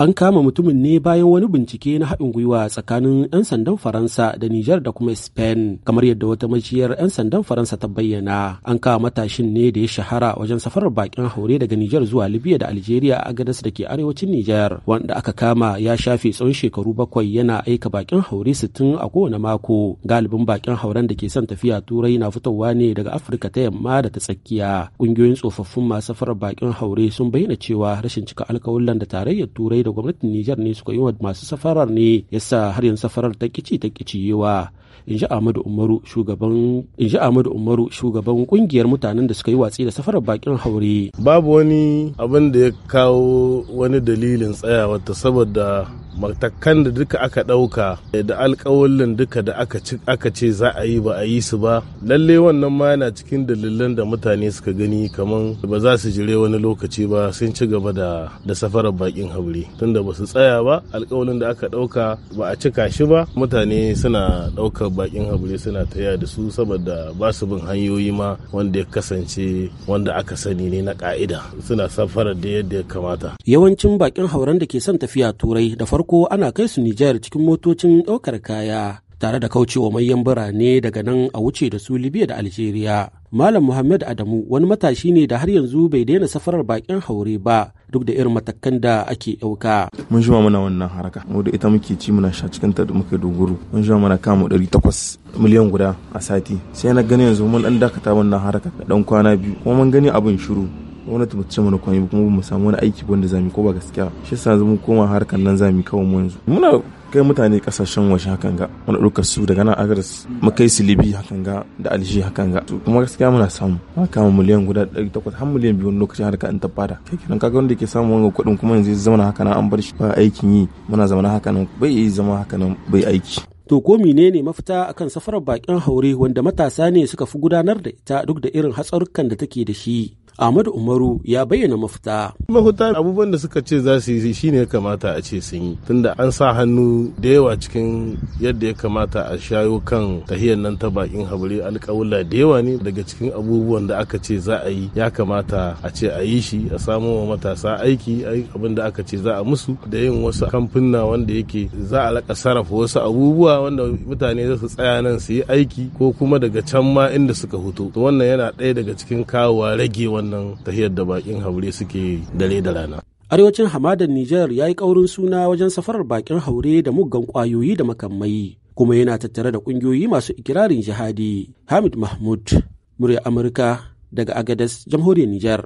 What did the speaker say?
An kama mutumin ne bayan wani bincike na haɗin gwiwa tsakanin 'yan sandan Faransa da Nijar da kuma Spain, kamar yadda wata majiyar 'yan sandan Faransa ta bayyana. An kama matashin ne da ya shahara wajen safarar bakin haure daga Nijar zuwa Libya da Algeria a gadas da ke arewacin Nijar, wanda aka kama ya shafe tsawon shekaru bakwai yana aika bakin haure sittin a kowane mako. Galibin bakin hauren da ke son tafiya Turai na fitowa ne daga Afirka ta yamma da ta tsakiya. Ƙungiyoyin tsofaffin masu safarar bakin haure sun bayyana cewa rashin cika alkawullan da tarayyar Turai da gwamnatin Nijar ne suka yi wa masu safarar ne yasa har yanzu safarar ta kici ta kiciyewa in ji Ahmadu Umaru shugaban in ji Ahmadu Umaru shugaban kungiyar mutanen da suka yi watsi da safarar bakin haure babu wani abin da ya kawo wani dalilin tsayawa ta saboda matakan da duka aka ɗauka da alkawalin duka da aka ce za a yi ba a yi su ba lalle wannan ma yana cikin dalilan da mutane suka gani kamar ba za su jire wani lokaci ba sun ci gaba da da safarar bakin haure tunda ba su tsaya ba alkawalin da aka ɗauka ba a cika shi ba mutane suna ɗaukar bakin haure suna taya da su saboda ba su bin hanyoyi ma wanda ya kasance wanda aka sani ne na ka'ida suna safarar da yadda ya kamata yawancin bakin hauren da ke son tafiya turai da farko farko ana kai su Nijar cikin motocin ɗaukar kaya tare da kaucewa manyan birane daga nan a wuce da su Libya da Algeria. Malam Muhammad Adamu wani matashi ne da har yanzu bai daina safarar bakin haure ba duk da irin matakan da ake ɗauka. Mun shi mana wannan haraka, mu da ita muke ci muna sha cikin ta da muke doguru Mun shi mana kamu 800 miliyan guda a sati. Sai na gani yanzu mun ɗan dakata wannan haraka da ɗan kwana biyu, kuma mun gani abin shiru. gwamnati ba ce mana kwami kuma mu samu wani aiki wanda zamu ko ba gaskiya shi yasa yanzu koma harkan nan zamu kawai mu yanzu muna kai mutane kasashen waje hakan ga wani ɗaukar su daga nan agaris makai su libi hakan ga da alji hakan ga kuma gaskiya muna samu ma kama miliyan guda ɗari takwas har miliyan biyu wani lokacin harka an tabbata kai kenan kaga wanda ke samu wanga kuɗin kuma yanzu zama haka nan an bar shi ba aikin yi muna zama haka nan bai yi zama haka bai aiki To ko menene mafita akan safarar bakin haure wanda matasa ne suka fi gudanar da ita duk da irin hatsarukan da take da shi? Ahmadu Umaru ya bayyana mafita. Mafita abubuwan da suka ce za su yi shine ya kamata a ce sun yi tunda an sa hannu da yawa cikin yadda ya kamata a shayo kan tahiyar nan ta bakin habure alƙawula da yawa ne daga cikin abubuwan da aka ce za a yi ya kamata a ce a yi shi a samu wa matasa aiki abin da aka ce za a musu da yin wasu kamfuna wanda yake za a laƙa sarrafa wasu abubuwa wanda mutane za su tsaya nan su yi aiki ko kuma daga can ma inda suka hutu to wannan yana ɗaya daga cikin kawowa rage wannan wannan tahiyar da bakin haure suke dare da rana arewacin hamadar nijar ya yi kaurin suna wajen safarar bakin haure da muggan kwayoyi da makamai kuma yana tattare da ƙungiyoyi masu ikirarin jihadi hamid mahmud murya amurka daga agadas jamhuriyar Nijar.